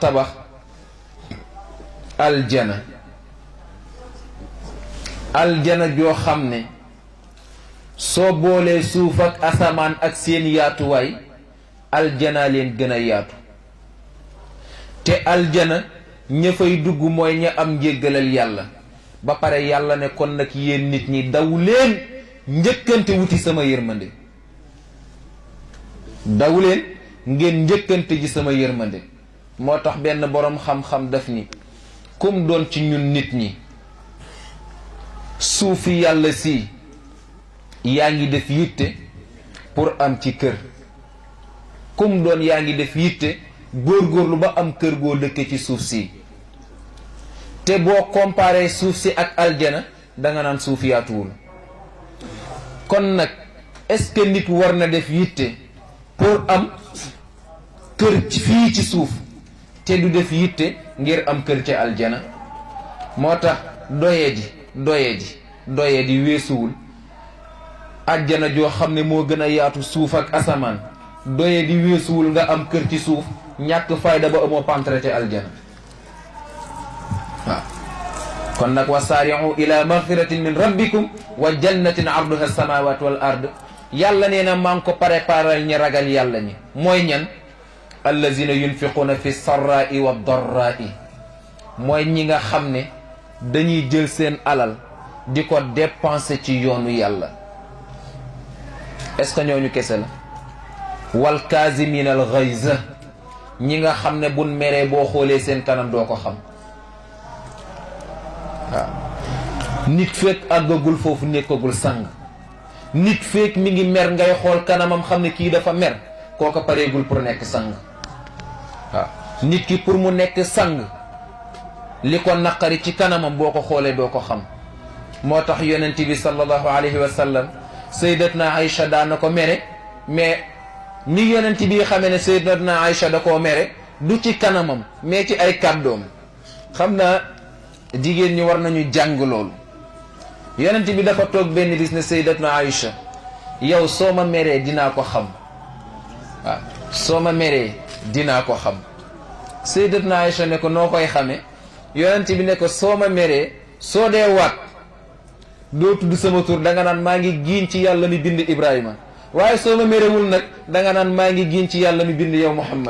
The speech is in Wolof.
tabax aljana aljana joo xam ne soo boolee suuf ak asamaan ak seen yaatuwaay aljana leen gën a yaatu te aljana ña fay dugg mooy ña am njéggalal yàlla ba pare yàlla ne kon nag yéen nit ñi daw leen njëkkante wuti sama yërmande daw leen ngeen njëkkante ji sama yërmande moo tax benn boroom xam-xam daf ni kum doon ci ñun nit ñi suufi yàlla si yaa ngi def yitte pour am ci kër kum doon yaa ngi def yitte góorgóorlu ba am kër goo dëkke ci suuf si te boo comparé suuf si ak aljana danga naan suuf yaatuwul kon nag est-ce que nit war na def yitte pour am kër fii ci suuf te du def yitte ngir am kër ca aljana moo tax doye ji doye ji doye ji weesuwul ajjana joo xam ne moo gën a yaatu suuf ak asamaan doye di weesuwul nga am kër ci suuf ñàkk fayda ba amoo pentraité aljana kon nag wa saariu ila magfiratin min rabbikum wa jannatin arduha samawat wal ard yàlla nee na maa ngi ko préparal ñi ragal yàlla ñi mooy ñan allazina yunfiquuna fi sarraai wa darraai mooy ñi nga xam ne dañuy jël seen alal di ko dépenser ci yoonu yàlla est-ce que ñooñu kese la wal kaazimina al ñi nga xam ne buñ meree boo xoolee seen kanam doo ko xam waaw nit fekk àggagul foofu nekkagul sang nit fekk mi ngi mer ngay xool kanamam xam ne kii dafa mer kooko pareegul pour nekk sang waaw nit ki pour mu nekk sang li ko naqari ci kanamam boo ko xoolee doo ko xam moo tax yonent bi sallallahu alayhi wa sallam sayyidatna Aïcha daan na ko mere mais ni yonent bi xamee ne sayyidatna Aïcha da koo mere du ci kanamam mais ci ay kàddoom xam naa jigéen ñi war nañu jàng loolu yonent bi dafa toog benn bis ne sayyidatna Aïcha yow soo ma meree dinaa ko xam waaw soo ma meree dinaa ko xam sayyidatna Aïcha ne ko noo koy xame yonent bi ne soo ma meree soo dee waat doo tudd sama tur danga naan maa ngi giiñ ci yàlla mi bind Ibrahima waaye soo ma merewul nag danga naan maa ngi giiñ ci yàlla mi bind yow Muhammad